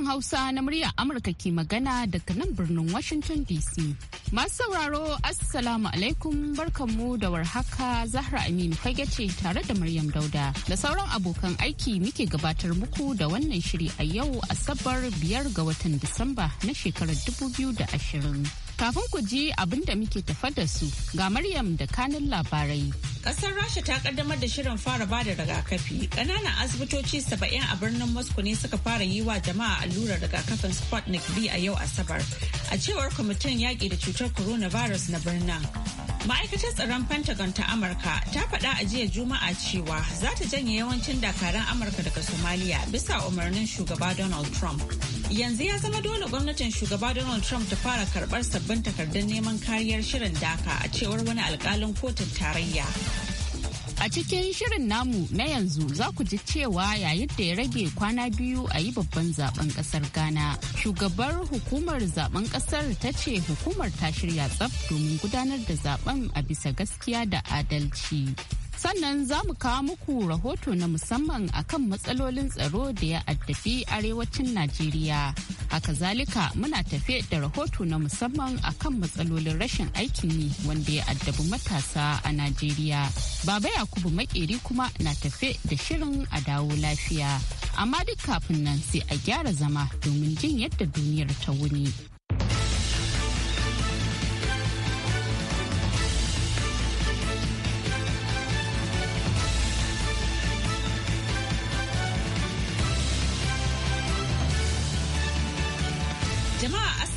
sashen Hausa na murya Amurka ke magana daga nan birnin Washington DC. Masu sauraro Assalamu alaikum barkanmu da warhaka Zahra Aminu fage ce tare da Maryam Dauda da sauran abokan aiki muke gabatar muku da wannan shiri a yau Asabar biyar ga watan Disamba na shekarar 2020. Kafin ku ji abin da muke tafa da su ga Maryam da kanin labarai. Kasar Rasha ta kaddamar da shirin fara ba da rigakafi. Ƙananan asibitoci saba'in a birnin Moscow ne suka fara yi wa jama'a allurar rigakafin Sputnik V a yau Asabar. A cewar kwamitin yaƙi da cutar coronavirus na birnin. Ma'aikatar tsaron Pentagon ta Amurka ta faɗa a jiya Juma'a cewa za ta janye yawancin dakaran Amurka daga Somalia bisa umarnin shugaba Donald Trump. yanzu ya zama dole gwamnatin shugaba donald trump ta fara karbar sabbin takardun neman kariyar shirin daka a cewar wani alkalin kotun tarayya A cikin shirin namu na yanzu za ku ji cewa yayin da ya rage kwana biyu a yi babban zaben kasar Ghana. Shugabar hukumar zaben kasar ta ce hukumar ta shirya tsaf domin gudanar da zaben a bisa gaskiya da adalci. sannan za mu kawo muku rahoto na musamman akan matsalolin tsaro da ya addabi arewacin najeriya A kazalika muna tafe da rahoto na musamman akan matsalolin rashin aikin yi wanda ya addabi matasa a najeriya baba yakubu makeri kuma na tafe da shirin a dawo lafiya amma duk kafin nan sai a gyara zama domin jin yadda duniyar ta wuni.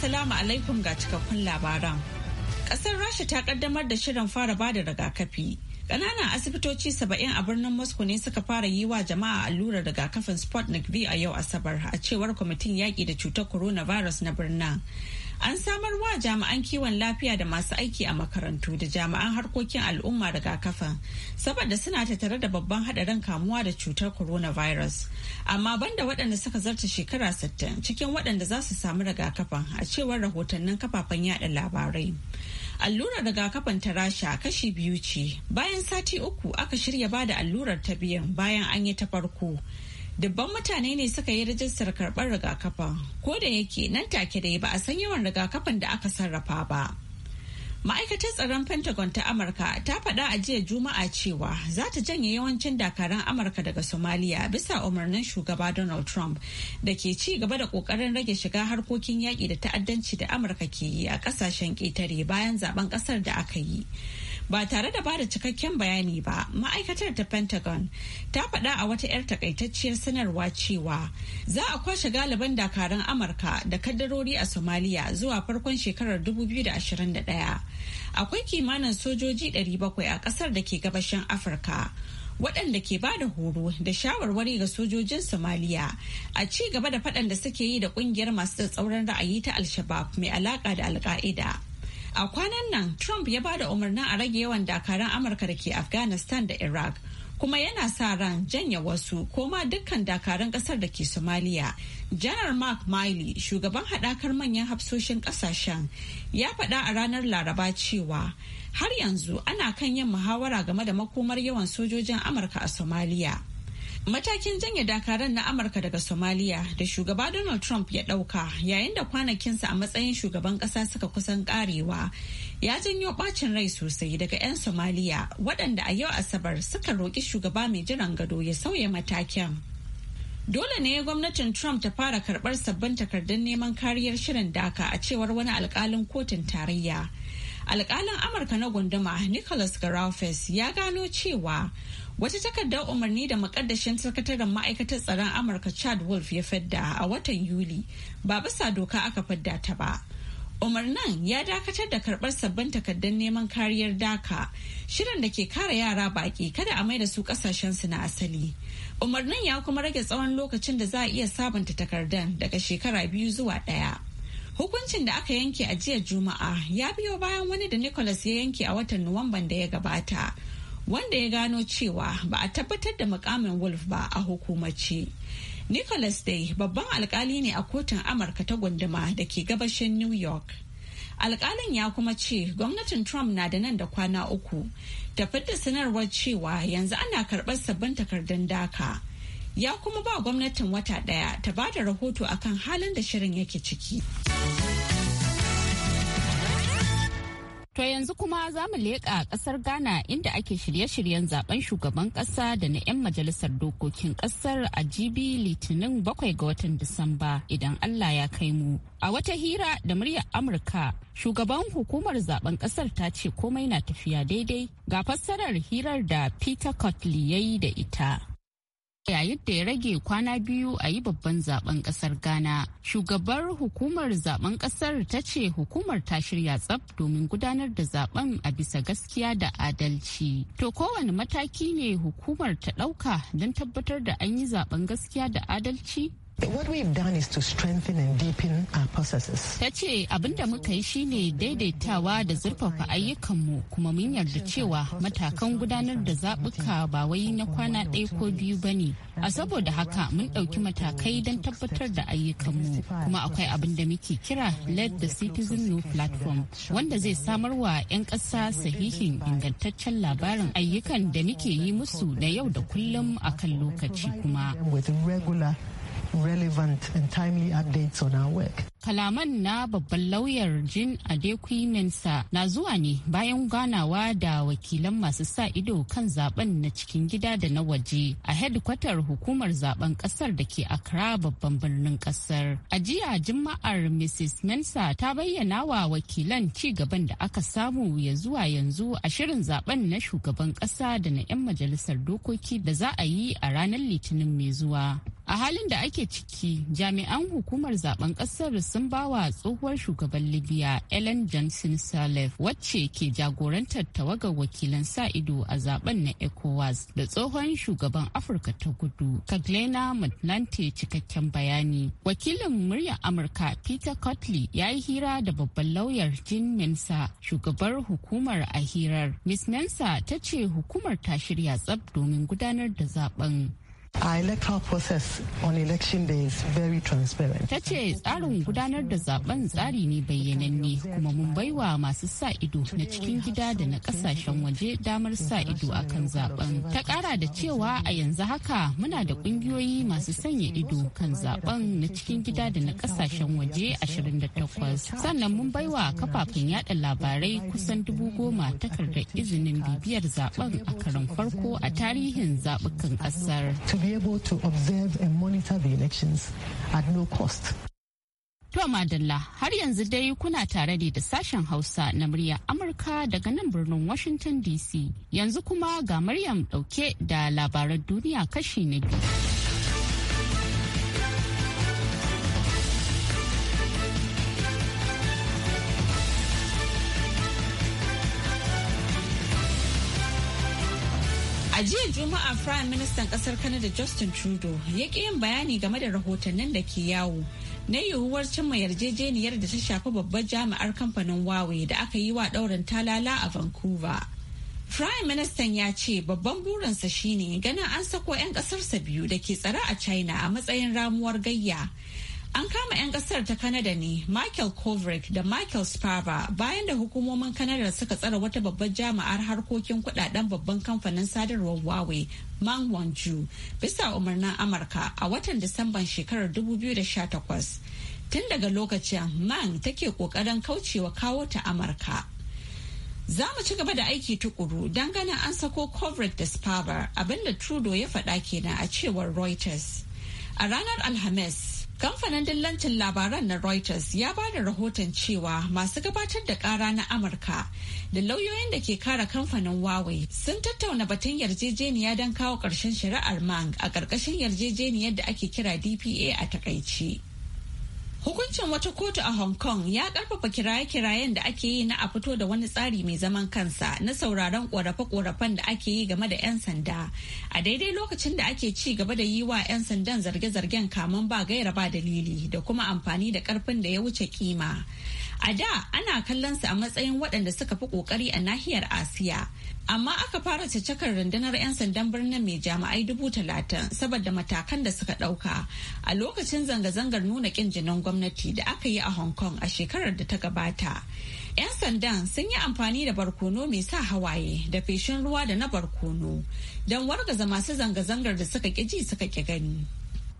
Assalamu alaikum ga cikakkun labaran. Kasar Rasha ta kaddamar da shirin fara bada rigakafi. Ƙananan asibitoci saba'in a birnin Moscow ne suka fara yi wa jama'a allurar rigakafin Sputnik V a yau Asabar a cewar kwamitin yaƙi da cutar coronavirus na birnin. an samar wa jami'an kiwon lafiya da masu aiki a makarantu da jami'an harkokin al'umma rigakafan saboda suna tattare da babban hadarin kamuwa da cutar coronavirus amma banda waɗanda suka zarta shekara 60 cikin waɗanda za su samu rigakafin a cewar rahotannin kafafen yada labarai allurar rigakafin ta rasha kashi biyu ce bayan sati uku aka shirya ba da allurar ta biyan bayan an yi ta farko dubban mutane ne suka yi rajistar karɓar rigakafin ko da yake nan take dai ba a san yawan rigakafin da aka sarrafa ba ma'aikatar tsaron pentagon ta amurka ta faɗa a jiya juma'a cewa za ta janye yawancin dakaran amurka daga somaliya bisa umarnin shugaba donald trump da ke ci gaba da ƙoƙarin rage shiga harkokin yaƙi da ta'addanci da amurka ke yi a ƙasashen ƙetare bayan zaben ƙasar da aka yi ba tare da bada cikakken bayani ba ma'aikatar ta pentagon ta faɗa a wata 'yar takaitacciyar sanarwa cewa za a kwashe galiban dakarun amurka da kaddarori a Somalia zuwa farkon shekarar 2021 akwai kimanin sojoji 700 a ƙasar da ke gabashin afirka waɗanda ke ba da horo da shawarwari ga sojojin somaliya a ci gaba da faɗan da suke yi da ƙungiyar masu tsauran ra'ayi ta alshabab mai alaƙa da alƙa'ida. A kwanan nan Trump ya bada umarnin a rage yawan dakaran Amurka da ke Afghanistan da Iraq kuma yana sa ran janya wasu koma dukkan dakarun kasar da ke Somalia. Janar Mark Miley shugaban haɗakar manyan hafsoshin ƙasashen ya faɗa a ranar Laraba cewa har yanzu ana kan yin muhawara game da makomar yawan sojojin Amurka a Somalia. Matakin janye dakaran na Amurka daga Somalia da shugaba Donald Trump ya ɗauka yayin da kwanakinsa a matsayin shugaban ƙasa suka kusan ƙarewa ya janyo ɓacin rai sosai daga 'yan Somalia waɗanda a yau Asabar suka roƙi shugaba mai jiran gado ya sauya matakin. Dole ne gwamnatin Trump ta fara karɓar sabbin takardun neman kariyar shirin daka a cewar wani alƙalin kotun tarayya. Alƙalin Amurka na gunduma Nicholas Garofis ya gano cewa Wata takardar umarni da makaddashin sakataren ma'aikatar tsaron Amurka Chad Wolf ya fadda a watan Yuli ba bisa doka aka fadda ta ba. Umarnin ya dakatar da karbar sabbin takardar neman kariyar daka shirin da ke kare yara baki kada a mai da su kasashen su na asali. Umarnin ya kuma rage tsawon lokacin da za a iya sabunta takardar daga shekara biyu zuwa ɗaya. Hukuncin da aka yanke a jiya Juma'a ya biyo bayan wani da Nicholas ya yanke a watan Nuwamban da ya gabata. wanda ya gano cewa ba a tabbatar da mukamin wolf ba a hukumace nicholas day babban alkali ne a kotun amurka ta gunduma da ke gabashin new york alkalin ya kuma ce gwamnatin trump na da nan da kwana uku ta da sanarwar cewa yanzu ana karɓar sabbin takardun daka ya kuma ba gwamnatin wata daya ta ba da rahoto akan halin da shirin yake ciki. To yanzu kuma za mu leƙa ƙasar Ghana inda ake shirye-shiryen zaben shugaban ƙasa da na 'yan majalisar dokokin ƙasar a jibi litinin bakwai ga watan Disamba idan Allah ya kai mu. A wata hira da muryar Amurka, shugaban hukumar zaben ƙasar ta ce komai na tafiya daidai ga fassarar hirar da Peter Cotley ya yi da ita. yayin da ya rage kwana biyu a yi babban zaben kasar ghana shugabar hukumar zaben kasar ta ce hukumar ta shirya tsab domin gudanar da zaben a bisa gaskiya da adalci to kowane mataki ne hukumar ta ɗauka don tabbatar da an yi zaben gaskiya da adalci What we've done is to strengthen and deepen our processes. Ta ce abinda muka yi shine daidaitawa da zurfafa ayyukanmu kuma mun yarda cewa matakan gudanar da zaɓuka ba wai na kwana ɗaya ko biyu bane A saboda haka mun ɗauki matakai don tabbatar da ayyukanmu kuma akwai abin da muke kira Let the Citizen Know Platform wanda zai samar wa 'yan ƙasa sahihin ingantaccen labarin ayyukan da muke yi musu na yau da kullum akan lokaci kuma. relevant and timely updates on our work. Kalaman na babban lauyar Jin Adekwi na zuwa ne bayan ganawa da wakilan masu sa ido kan zaben na cikin gida da na waje a hedkwatar hukumar zaben kasar da ke akra babban birnin kasar. A jiya Juma'ar Mrs. Mensa ta bayyana wa wakilan ci gaban da aka samu ya zuwa yanzu a shirin zaben na shugaban kasa da na 'yan majalisar dokoki da za a yi a ranar Litinin mai zuwa. A halin da ake ciki, jami'an hukumar zaben kasar sun bawa tsohuwar shugaban libya ellen johnson salif wacce ke jagorantar tawagar wakilan sa ido a zaben na ecowas da tsohon shugaban afirka ta gudu kaglena matlante cikakken bayani wakilin muryar amurka peter cotley ya yi hira da babban lauyar jin mensa shugabar hukumar a hirar miss mensa ta ce hukumar ta shirya tsab domin gudanar da zaben electoral process very transparent. Ta ce tsarin gudanar da zaben tsari ne bayyananne kuma mun baiwa masu sa ido na cikin gida da na kasashen waje damar sa ido akan zaben. Ta kara da cewa a yanzu haka muna da kungiyoyi masu sanya ido kan zaben na cikin gida da na kasashen waje 28. Sannan mun baiwa kafafen yada labarai kusan dubu goma takardar izinin bibiyar zaben a karan farko a tarihin zabukan kasar. be able to observe and monitor the elections at no cost. To Madalla har yanzu dai kuna tare ne da sashen Hausa na murya Amurka daga nan birnin Washington DC. Yanzu kuma ga Maryam dauke da labaran duniya kashi na biyu. jiya Juma'a Prime Ministan kasar Canada Justin Trudeau ya ƙi yin bayani game da rahotannin da ke yawo na yiwuwar cimma yarjejeniyar da ta shafi babbar jami'ar kamfanin Huawei da aka yi wa ɗaurin talala a Vancouver. Prime Ministan ya ce babban burinsa shine ganin an sako 'yan ƙasarsa biyu da ke tsare a China a matsayin ramuwar gayya. An kama 'yan kasar ta Kanada ne Michael Kovrig da Michael Spava bayan da hukumomin Kanada suka tsara wata babbar jami'ar harkokin kudaden babban kamfanin sadarwar Huawei Mang Wanju bisa umarnin Amurka a watan Disamban shekarar 2018. Tun daga lokacin man take kokarin kaucewa kawo ta Amurka. Za mu ci gaba da aiki tukuru don ganin an sako Covid da Spava abinda Trudeau ya faɗa kenan a cewar Reuters. A ranar Alhamis, Kamfanin dillancin labaran na Reuters ya ba da rahoton cewa masu gabatar da kara na Amurka da lauyoyin da ke kare kamfanin Huawei sun tattauna batun yarjejeniya don kawo ƙarshen shari'ar Mang a ƙarƙashin yarjejeniyar da ake kira DPA a takaici. Hukuncin wata kotu a Hong Kong ya karfafa kiraye-kirayen da ake yi na a fito da wani tsari mai zaman kansa na sauraron korafe-korafen da ake yi game da 'yan sanda. A daidai lokacin da ake ci gaba da yi wa 'yan sandan zarge-zargen kamun ba gaira ba dalili da kuma amfani da karfin da ya wuce kima. A da ana kallon su a matsayin waɗanda suka fi ƙoƙari a nahiyar Asiya. Amma aka fara cakar rundunar 'yan sandan birnin mai jami'ai dubu talatin saboda matakan da suka ɗauka a lokacin zanga-zangar nuna ƙin jinin gwamnati da aka yi a Hong Kong a shekarar da ta gabata. 'Yan sandan sun yi amfani da barkono mai sa hawaye da feshin ruwa da na barkono don wargaza masu zanga-zangar da suka ƙi ji suka ƙi gani.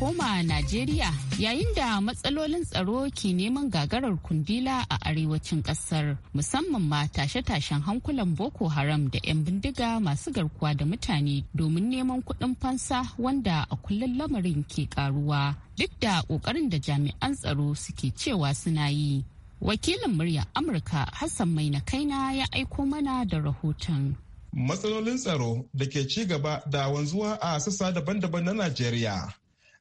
koma Najeriya yayin da matsalolin tsaro ke neman gagarar kundila a arewacin kasar musamman ma tashe-tashen hankulan Boko Haram da 'yan bindiga masu garkuwa da mutane domin neman kuɗin fansa wanda a kullum lamarin ke karuwa duk da ƙoƙarin da jami'an tsaro suke cewa suna yi. Wakilin murya Amurka Hassan Mai na kaina ya aiko mana da rahoton. matsalolin tsaro da ke ci gaba da wanzuwa a sassa daban-daban na Najeriya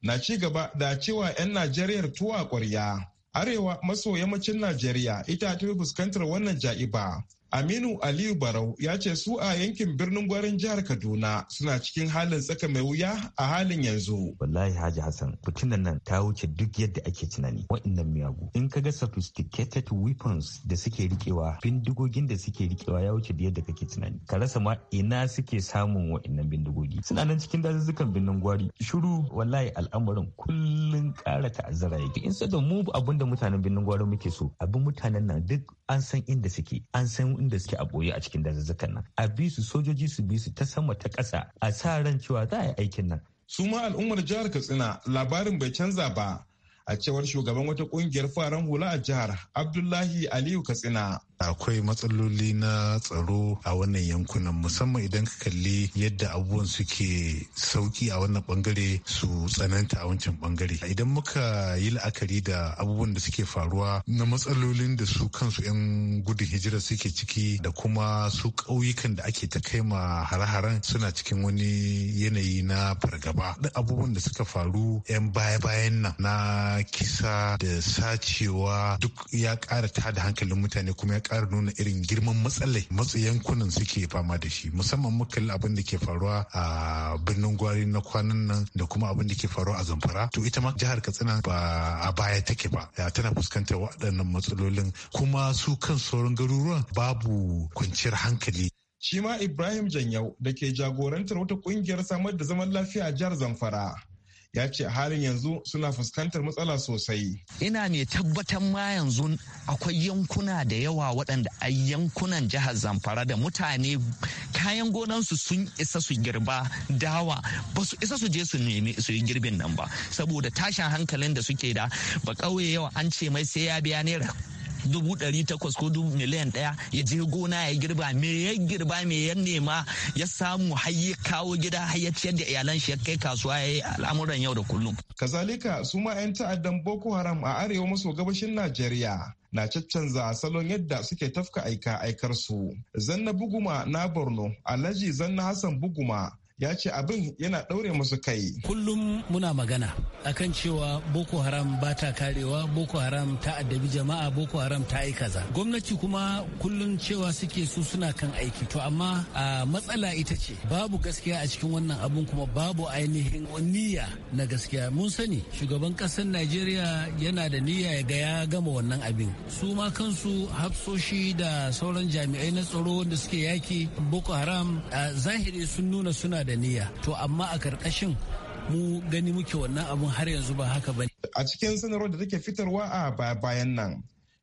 na ci gaba da cewa 'yan Najeriyar tuwa ƙwarya. Arewa maso yammacin Najeriya ita ta fuskantar wannan ja'iba Aminu Aliyu Barau ya ce su a yankin birnin gwarin jihar Kaduna suna cikin halin tsaka mai wuya a halin yanzu. Wallahi Haji Hassan, fitinan nan ta wuce duk yadda ake tunani. Wa'annan miyagu. In ka ga sophisticated weapons da suke rikewa, bindigogin da suke rikewa ya wuce yadda kake tunani. Ka rasa ma ina suke samun wa'annan bindigogi. Suna nan cikin dazuzzukan birnin gwari. Shiru wallahi al'amarin kullum ƙara ta'azzara yake. In da mu abun da mutanen birnin gwari muke so, abin mutanen nan duk an san inda suke, an san inda suke a boye a cikin dazuzzukan nan a bi su sojoji su bi su ta sama ta ƙasa a sa ran cewa za a yi aikin nan su ma al'ummar jihar katsina labarin bai canza ba a cewar shugaban wata kungiyar faran hula a jihar abdullahi aliyu katsina akwai matsaloli na tsaro a wannan yankunan musamman idan ka kalli yadda abubuwan suke sauki a wannan bangare su tsananta a wancan bangare idan muka yi la'akari da abubuwan da suke faruwa na matsalolin da su kansu 'yan gudun hijira suke ciki da kuma su ƙauyukan da ake ta kai ma hare-haren suna cikin wani yanayi na fargaba duk abubuwan da suka faru 'yan baya-bayan nan na kisa da sacewa duk ya ƙara tada hankalin mutane kuma ya Kara nuna irin girman matsalai matsu yankunan suke fama da shi musamman muka abin da ke faruwa a birnin gwari na kwanan nan da kuma abin da ke faruwa a zamfara to ita ma jihar katsina ba a baya take ba tana fuskantar waɗannan matsalolin kuma su kan sauran garuruwan babu kwanciyar hankali shi ma Ibrahim Janyau da ke jagorantar wata kungiyar samar da zaman lafiya a jihar Zamfara ya ce a halin yanzu suna fuskantar matsala sosai. Ina mai tabbatar ma yanzu akwai yankuna da yawa waɗanda a yankunan jihar Zamfara da mutane kayan gonansu sun isa su girba dawa ba su isa su je su nemi su yi girbin nan ba saboda tashin hankalin da suke da ba ƙauye yawa an ce mai sai ya biya naira dubu ɗari takwas ko dubu miliyan ɗaya ya je gona ya girba me ya girba me ya nema ya samu har kawo gida har ya ciyar da iyalan shi ya kai kasuwa ya yi al'amuran yau da kullum. Kazalika su ma 'yan ta'addan Boko Haram a arewa maso gabashin Najeriya na caccanza salon yadda suke tafka aika aikar su. Zanna Buguma na Borno, Alhaji Zanna Hassan Buguma ya ce abin yana ɗaure musu kai. Kullum muna magana akan cewa Boko Haram ba ta karewa, Boko Haram ta addabi jama'a, Boko Haram ta yi kaza. Gwamnati kuma kullum cewa suke su suna kan aiki. To amma a matsala ita ce babu gaskiya a cikin wannan abun kuma babu ainihin niyya na gaskiya. Mun sani shugaban ƙasar Najeriya yana da niyya ya ga gama wannan abin. Su ma kansu hafsoshi da sauran jami'ai na tsaro wanda suke yaki Boko Haram a zahiri sun nuna suna da niyya to amma a karkashin mu gani muke wannan abun har yanzu ba haka ba a cikin sanarwar da take fitarwa a bayan nan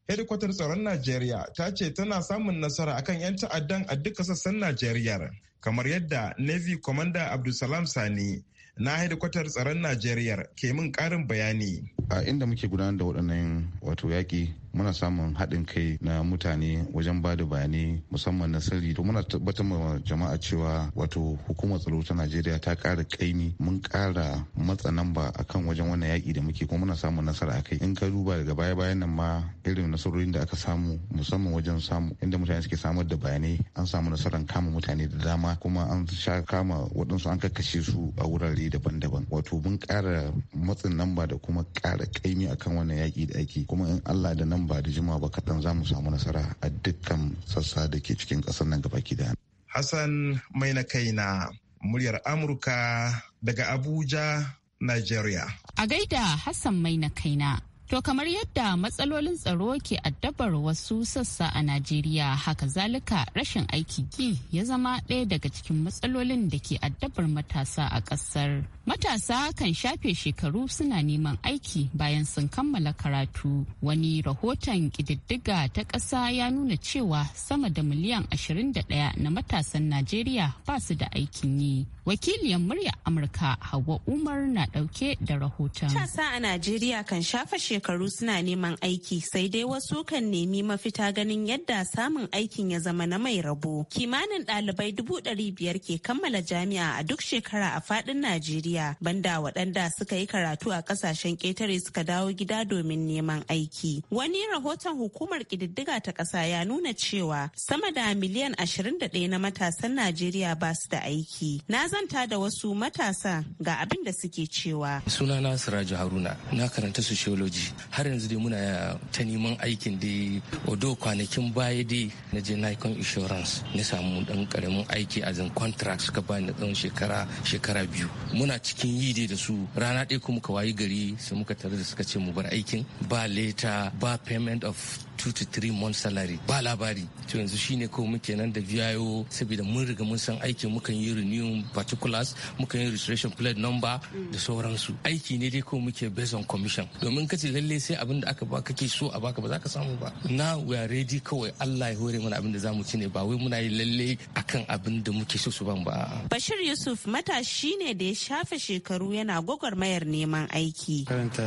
hedikwatar tsaron najeriya ta ce tana samun nasara akan 'yan ta'addan a duka sassan najeriya kamar yadda navy commander abdulsalam sani na hedikwatar tsaron najeriya ke min karin bayani a inda muke gudanar da waɗannan wato yaƙi muna samun haɗin kai na mutane wajen ba da bayanai musamman na sirri to muna tabbatar ma jama'a cewa wato hukumar tsaro ta najeriya ta ƙara ƙaimi, mun ƙara matsa namba a kan wajen wannan yaƙi da muke kuma muna samun nasara a kai in ka duba daga baya bayan nan ma irin nasarorin da aka samu musamman wajen samu inda mutane suke samar da bayanai an samu nasarar kama mutane da dama kuma an sha kama waɗansu an kakkashe su a wurare daban-daban wato mun ƙara matsin namba da kuma ƙara kaimi akan wannan yaƙi da ake kuma in allah da nan ba da jima ba kaɗan za mu samu nasara a dukkan sassa da ke cikin ƙasar nan gaba da Hassan mai na kaina muryar Amurka daga Abuja, Nigeria. A gaida Hassan mai na kaina. To kamar yadda matsalolin tsaro ke addabar wasu sassa a Najeriya haka zalika rashin aiki gi ya zama ɗaya daga cikin matsalolin da ke addabar matasa a ƙasar. Matasa kan shafe shekaru suna neman aiki bayan sun kammala karatu. Wani rahoton ƙididdiga ta ƙasa ya nuna cewa sama da miliyan 21 na matasan Najeriya ba su da aikin yi. wakiliyar murya amurka hawa umar na dauke da rahoton matasa a najeriya kan shafa shekaru suna neman aiki sai dai wasu kan nemi mafita ganin yadda samun aikin ya zama na mai rabo kimanin ɗalibai dubu ɗari biyar ke kammala jami'a a duk shekara a faɗin najeriya banda waɗanda suka yi karatu a ƙasashen ƙetare suka dawo gida domin neman aiki wani rahoton hukumar ƙididdiga ta ƙasa ya nuna cewa sama da miliyan ashirin da ɗaya na matasan najeriya ba su da aiki na kusanta da wasu matasa ga abin da suke cewa. Suna na Siraju Haruna, na karanta sociology. Har yanzu dai muna ta neman aikin dai odo kwanakin baya dai na je Nikon Insurance na samu dan karamin aiki a zan contract suka ba ni tsawon shekara shekara biyu. Muna cikin yi dai da su rana ɗaya kuma ka wayi gari sai muka tare da suka ce mu bar aikin ba leta ba payment of 2 to 3 months salary ba labari to yanzu shine ko muke nan da VIO saboda mun riga mun san aikin mukan yi renew particulars mukan yi registration plate number da sauransu aiki ne dai ko muke based on commission domin kace lalle sai abin da aka ba kake so a baka ba za ka samu ba na we are ready kawai Allah ya hore mana abin da zamu ci ne ba wai muna yi lalle akan abin da muke so su ban ba Bashir Yusuf matashi ne da ya shafe shekaru yana gwagwarmayar neman aiki karanta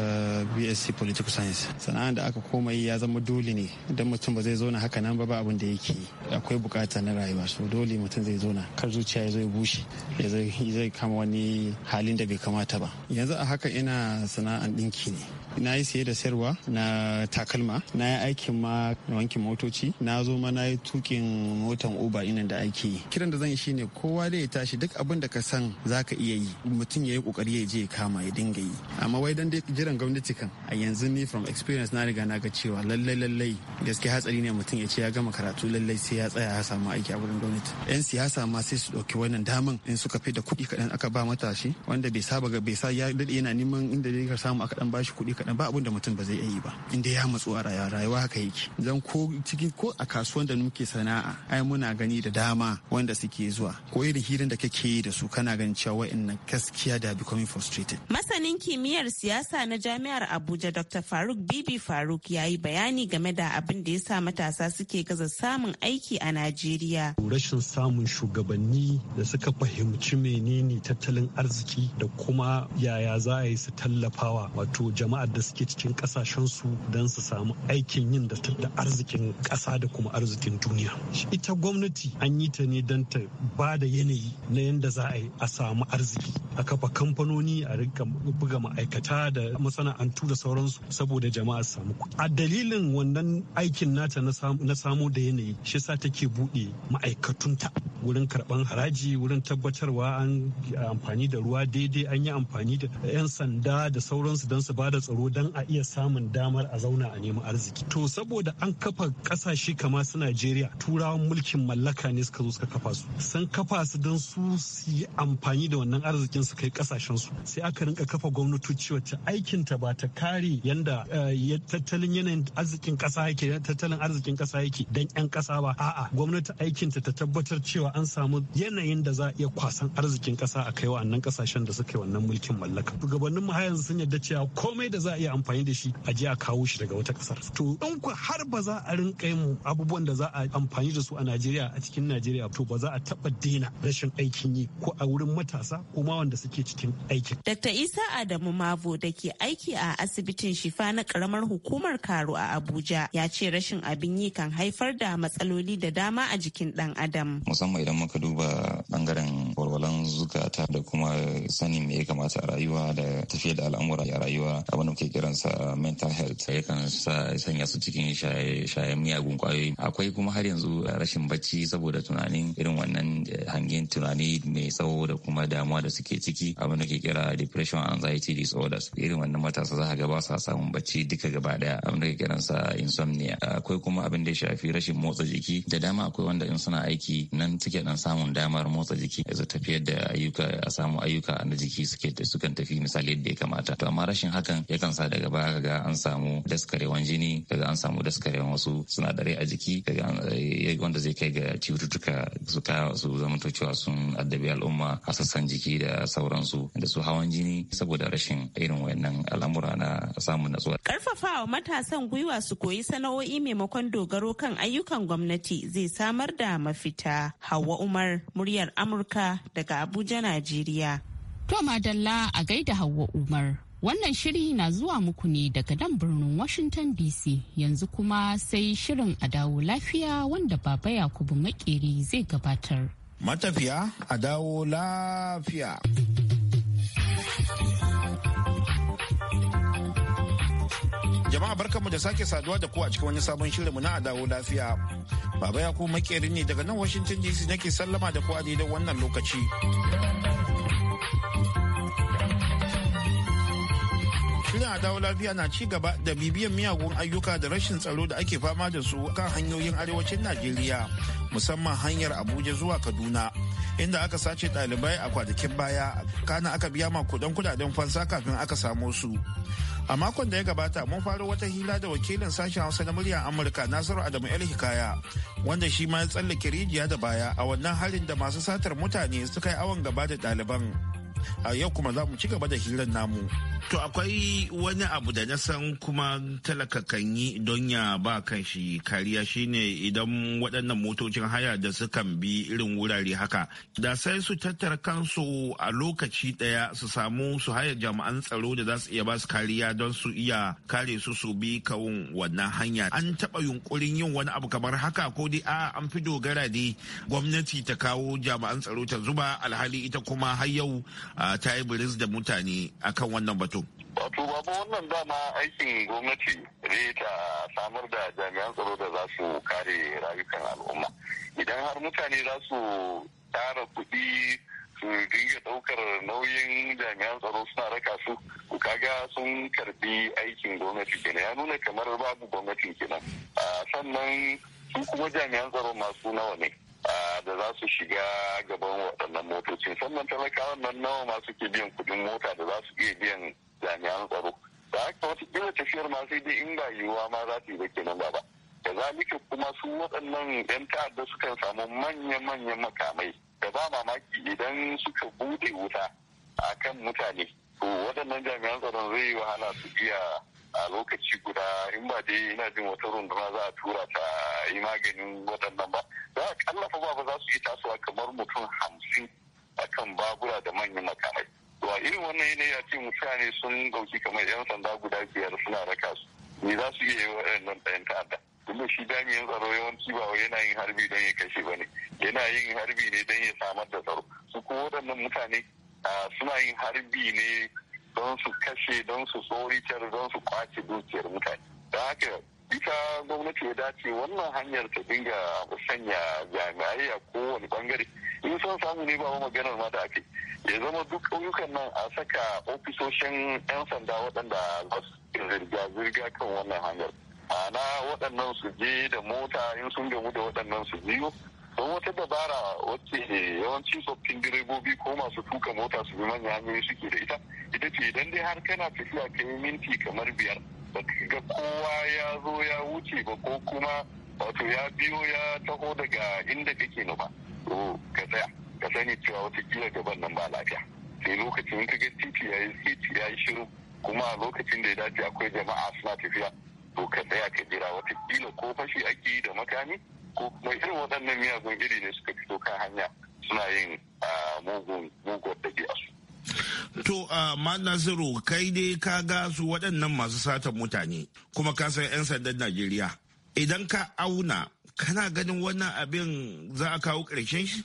BSc political science sana'an da aka komai ya zama dole ne idan mutum ba zai na haka nan ba ba abin da yake akwai bukata na rayuwa so dole mutum zai zo na kar zuciya ya zo ya bushe ya zai kama wani halin da bai kamata ba yanzu a haka ina sana'an ɗinki ne na yi siye da sayarwa na takalma na yi aikin ma na wankin motoci na zo ma na yi tukin motan uber inan da ake yi kiran da zan yi shine kowa da ya tashi duk abin da ka san za ka iya yi mutum ya yi kokari ya je ya kama ya dinga yi amma wai dan dai jiran gwamnati kan a yanzu ni from experience na riga na ga cewa lallai lallai gaskiya hatsari ne mutum ya ce ya gama karatu lallai sai ya tsaya ya samu aiki a wurin gwamnati yan siyasa ma sai su dauki wannan daman in suka fi da kuɗi kaɗan aka ba matashi wanda bai saba ga bai sa ya daɗe yana neman inda dai ka samu aka ɗan bashi kuɗi kaɗan ba abin da mutum ba zai iya yi ba in inda ya matsu a rayuwa haka yake zan ko ciki ko a kasuwan da muke sana'a ai muna gani da dama wanda suke zuwa ko irin hirin da kake yi da su kana ganin cewa wa'annan gaskiya da becoming frustrated masanin kimiyyar siyasa na jami'ar abuja dr faruk bibi faruk ya yi bayani game da abin da ya sa matasa suke gaza samun aiki a najeriya rashin samun shugabanni da suka fahimci menene tattalin arziki da kuma yaya za a yi su tallafawa wato jama'a da suke cikin kasashensu don su samu aikin yin da ta da arzikin ƙasa da kuma arzikin duniya ita gwamnati an yi ta ne don ta ba da yanayi na yadda za a yi a samu arziki a kafa kamfanoni a rika buga ma'aikata da masana'antu da sauransu saboda jama'a samu a dalilin wannan aikin nata na samo da yanayi shi sa take buɗe ma'aikatunta wurin karɓan haraji wurin tabbatarwa an amfani da ruwa daidai an yi amfani da 'yan sanda da sauransu don su ba da tsaro tsaro don a iya samun damar a zauna a neman arziki to saboda an kafa kasashe kama su najeriya turawan mulkin mallaka ne suka zo suka kafa su sun kafa su don su yi amfani da wannan arzikin su kai kasashen su sai aka rinka kafa gwamnatoci wacce aikin ta ba ta kare yanda eh, tattalin yanayin arzikin kasa yake tattalin arzikin kasa yake don yan kasa ba a'a gwamnati aikin ta ta tabbatar cewa an samu yanayin da za a iya kwasan arzikin kasa a kai wa kasashen da suka yi wannan mulkin mallaka shugabannin mu har sun yarda cewa komai da za a iya amfani da shi a je a kawo shi daga wata kasar to in ku har ba za a rinka yin abubuwan da za a amfani da su a Najeriya a cikin Najeriya to ba za a taba dena rashin aikin yi ko a wurin matasa ko ma wanda suke cikin aikin Dr. Isa Adamu Mavo da ke aiki a asibitin Shifa na karamar hukumar Karo a Abuja ya ce rashin abin yi kan haifar da matsaloli da dama a jikin dan adam musamman idan muka duba bangaren walwalan zukata da kuma sanin me ya kamata a rayuwa da tafiyar da al'amura a rayuwa abin ake kiransa uh, mental health yakan sanya su cikin shayen miyagun kwayoyi akwai kuma har yanzu uh, rashin bacci saboda tunanin irin wannan uh, hangen tunani mai tsawo da kuma damuwa da suke ciki abin da ke kira depression anxiety disorders irin wannan matasa za ga ba sa samun bacci duka gaba daya abin da ke kiransa insomnia akwai kuma abin da ya shafi rashin motsa jiki da dama akwai wanda in suna aiki nan suke dan samun damar motsa jiki su tafiyar da ayyuka a samu ayyuka na jiki suke sukan tafi misali yadda ya kamata to amma rashin hakan yakan kansa daga baya kaga an samu daskarewan jini kaga an samu daskarewan wasu sinadarai a jiki kaga eh, wanda zai kai ga cututtuka su ka su zamanto cewa sun addabi al'umma a sassan jiki da sauransu da su hawan jini saboda rashin irin wayannan al'amura na samun natsuwa. Karfafawa matasan gwiwa su koyi sana'o'i maimakon dogaro kan ayyukan gwamnati zai samar da mafita. Hawa Umar, muryar Amurka daga Abuja, Najeriya. To Madalla a gaida Hawa Umar. Wannan shiri na zuwa muku ne daga dan birnin Washington DC yanzu kuma sai shirin a dawo lafiya wanda Baba Yakubu Makeri zai gabatar. Matafiya a dawo lafiya. Jama'a barkanmu da sake saduwa da ku a cikin wani sabon shirinmu na a dawo lafiya. Baba Yakubu Makeri ne daga nan Washington DC nake sallama da ku a daidai wannan lokaci. suna a dawo lafiya na ci gaba da bibiyan miyagun ayyuka da rashin tsaro da ake fama da su kan hanyoyin arewacin Najeriya musamman hanyar Abuja zuwa Kaduna inda aka sace ɗalibai a kwanakin baya kana aka biya ma kudan kudaden fansa kafin aka samo su. A makon da ya gabata mun faro wata hila da wakilin sashen Hausa na muryar Amurka Nasiru Adamu El Hikaya wanda shi ma ya tsallake rijiya da baya a wannan halin da masu satar mutane suka yi awon gaba da ɗaliban. a yau kuma za mu ci gaba da hirar namu to akwai wani abu da na san kuma talaka kan yi don ya ba kan shi kariya shine idan waɗannan motocin haya da su kan bi irin wurare haka da sai su tattara kansu a lokaci ɗaya su samu su haya jami'an tsaro da za su iya ba su kariya don su iya kare su su bi kawun wannan hanya an taɓa yunkurin yin wani abu kamar haka ko dai a an fi dogara dai gwamnati ta kawo jami'an tsaro ta zuba alhali ita kuma har yau ta yi biris da mutane akan wannan batun. Wato babu wannan dama aikin gwamnati ne ta samar da jami'an tsaro da za su kare rayukan al'umma. Idan har mutane za su tara kuɗi su dinga ɗaukar nauyin jami'an tsaro suna raka su kaga sun karbi aikin gwamnati kenan ya nuna kamar babu gwamnatin kenan. Sannan su kuma jami'an tsaro masu nawa ne. da za su shiga gaban waɗannan motocin sannan talakawan nan nawa ma suke biyan kuɗin mota da za su iya biyan jami'an tsaro da haka wata kila tafiyar ma sai dai in ba yiwuwa ma za su yi ba kenan ba ba da zalika kuma su waɗannan 'yan ta'adda sukan samu manya-manyan makamai da ba mamaki idan suka bude wuta akan mutane to waɗannan jami'an tsaron zai yi wahala su iya a lokaci guda in ba dai ina jin wata runduna za a tura ta yi maganin waɗannan ba za a kallafa ba ba za su yi tasowa kamar mutum hamsin akan babura da manyan makamai wa irin wannan yanayi a ce mutane sun ɗauki kamar yan sanda guda biyar suna raka su me za su iya yi waɗannan ɗayan ta'adda tunda shi jami'in tsaro yawanci ba yana yin harbi don ya kashe ba ne yana yin harbi ne don ya samar da tsaro su kuma waɗannan mutane suna yin harbi ne don su kashe don su tsoritar don su kwace dukiyar mutane da haka ita gwamnati ya dace wannan hanyar ta dinga sanya jami'ai a kowane bangare in son samu ne ba maganar ma da ake ya zama duk ƙauyukan nan a saka ofisoshin 'yan sanda waɗanda ba su zirga-zirga kan wannan hanyar ana waɗannan su je da mota in sun gamu da waɗannan su biyu don wata dabara wacce yawanci tsoffin direbobi ko masu tuka mota su bi manyan hanyoyi suke da ita ita ce idan dai har kana tafiya ka yi minti kamar biyar ba ga kowa ya zo ya wuce ba ko kuma wato ya biyo ya taho daga inda kake na ba to ka tsaya ka sani cewa wata kila gaban nan ba lafiya sai lokacin ka ga titi ya yi titi ya yi shiru kuma a lokacin da ya dace akwai jama'a suna tafiya to ka tsaya ka jira wata kila ko fashi ake yi da makami ko kuma irin waɗannan miyagun iri ne suka fito kan hanya suna yin mugun mugun su. To, uh, Nasiru, kai dai ka ga su waɗannan masu satan mutane, kuma ka san 'yan sandan Najeriya. Idan ka auna, kana ganin wannan abin za a kawo ƙarshen shi?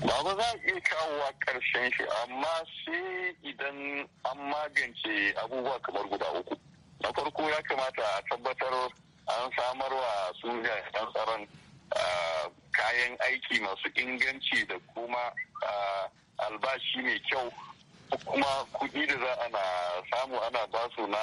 Ba ba za a iya kawowa ƙarshen shi, amma sai idan an magance abubuwa kamar guda uku. Na farko ya kamata a tabbatar an samarwa su 'yan tsaron kayan aiki masu inganci da kuma albashi mai kyau kuma kuɗi da za ana samu ana basu na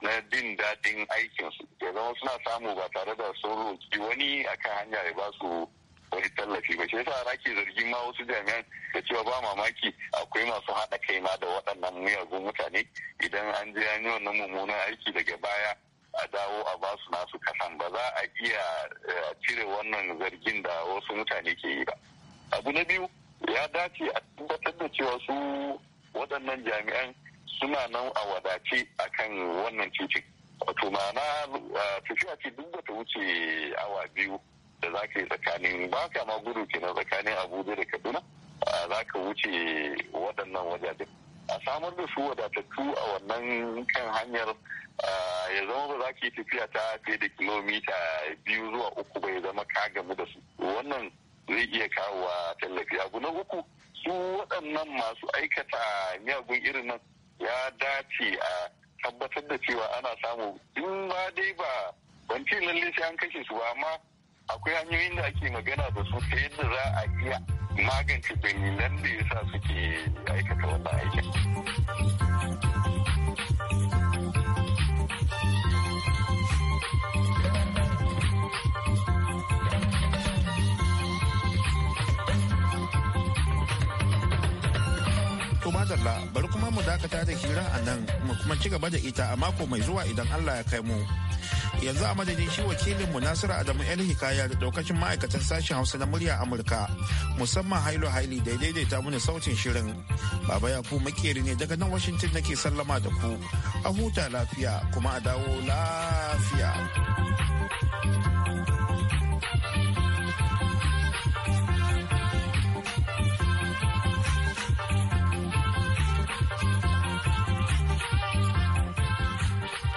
na daɗin aikinsu ya zama suna samu ba tare da sun roƙi wani akan hanya ya su wani tallafi ba shi yasa ana ke zargin ma wasu jami'an da cewa ba mamaki akwai masu haɗa kai ma da waɗannan miyagun mutane idan an je an yi wannan mummunan aiki daga baya a dawo a basu nasu kasan ba za a iya eh, cire wannan zargin da wasu mutane ke yi ba abu na biyu ya dace a tabbatar da cewa su waɗannan jami'an suna nan a wadace a kan wannan titin wato ma'ana eh, tafiya ce duk ta wuce awa biyu da za ka yi tsakanin ba ka ma gudu kenan tsakanin abuja da kaduna ah, za ka wuce waɗannan wajajen a samar da su wadatattu a wannan kan hanyar ya zama ba za ki tafiya ta fiye da kilomita biyu zuwa uku ba ya zama ka gamu da su wannan zai iya kawo tallafi abu na uku su waɗannan masu aikata miyagun irin nan ya dace a tabbatar da cewa ana samu in ba dai ba ban ce lallai sai an kashe su ba amma akwai hanyoyin da ake magana da su ta yadda za a iya magance nan da ya sa suke aikata wannan aikin. bari kuma mu dakata da hira a nan mu kuma ci gaba da ita a mako mai zuwa idan Allah ya kai mu. yanzu a madadin shi wakilin mu nasiru adamu yan hikaya da daukacin ma'aikatan sashen hausa na murya amurka musamman hailo haili da daidaita mana sautin shirin baba ya ku makeri ne daga nan washington nake sallama da ku a huta lafiya kuma a dawo lafiya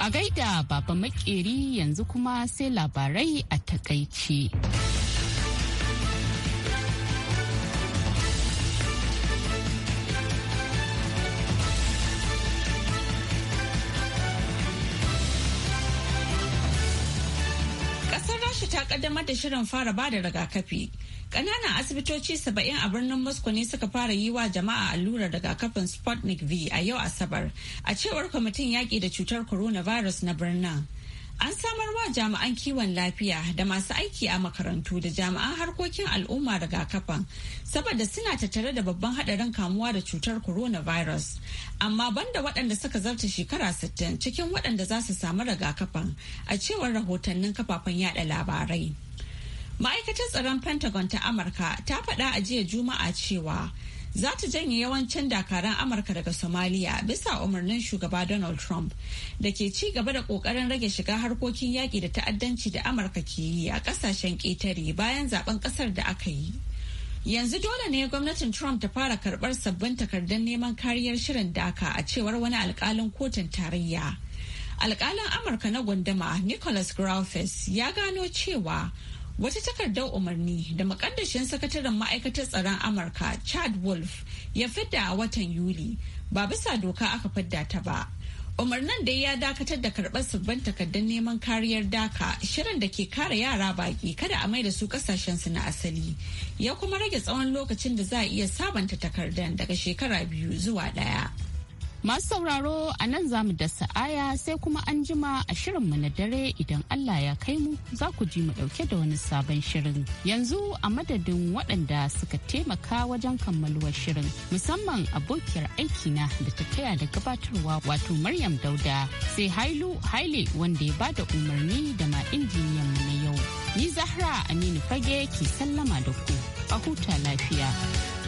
A gaida baba makeri yanzu kuma sai labarai a takaice. kaddamar da shirin fara ba da rigakafi ƙananan asibitoci saba'in a birnin moscow ne suka fara yi wa jama'a allurar rigakafin sputnik v a yau asabar a cewar kwamitin yaƙi da cutar coronavirus na birnin An samar wa jami'an kiwon lafiya da masu aiki a makarantu da jami'an harkokin al'umma rigakafan saboda suna tattare da babban hadarin kamuwa da cutar coronavirus. Amma banda waɗanda suka zarta shekara 60 cikin waɗanda za su samu rigakafan a cewar rahotannin kafafen yada labarai. Ma'aikatar tsaron Pentagon ta Amurka ta faɗa a jiya Juma'a cewa za ta janye yawancin dakaran amurka daga somaliya bisa umarnin shugaba donald trump da ke ci gaba da kokarin rage shiga harkokin yaƙi da ta'addanci da amurka ke yi a ƙasashen ƙetare bayan zaben ƙasar da aka yi yanzu dole ne gwamnatin trump ta fara karɓar sabbin takardun neman kariyar shirin daka a cewar wani alƙalin kotun tarayya alƙalin amurka na gunduma nicholas graufes ya gano cewa wata takardar umarni da makaddashin sakataren ma'aikatar tsaron amurka chad wolf ya fidda a watan yuli ba bisa doka aka fidda ta ba umarnin da ya dakatar da karɓar sabbin takardar neman kariyar daka shirin da ke kare yara baki kada a mai da su su na asali ya kuma rage tsawon lokacin da za a iya sabanta takardar daga shekara biyu zuwa daya. Masu sauraro a nan za mu dasa aya sai kuma an jima a shirinmu na dare idan Allah ya kai mu za ku ji mu ɗauke da wani sabon shirin. Yanzu a madadin waɗanda suka taimaka wajen kammaluwar shirin musamman abokiyar aikina da ta taya da gabatarwa wato Maryam Dauda sai Hailu Haile wanda ya bada umarni da ma injiniyan mu na yau. Ni Zahra Aminu Fage ke sallama da ku a huta lafiya.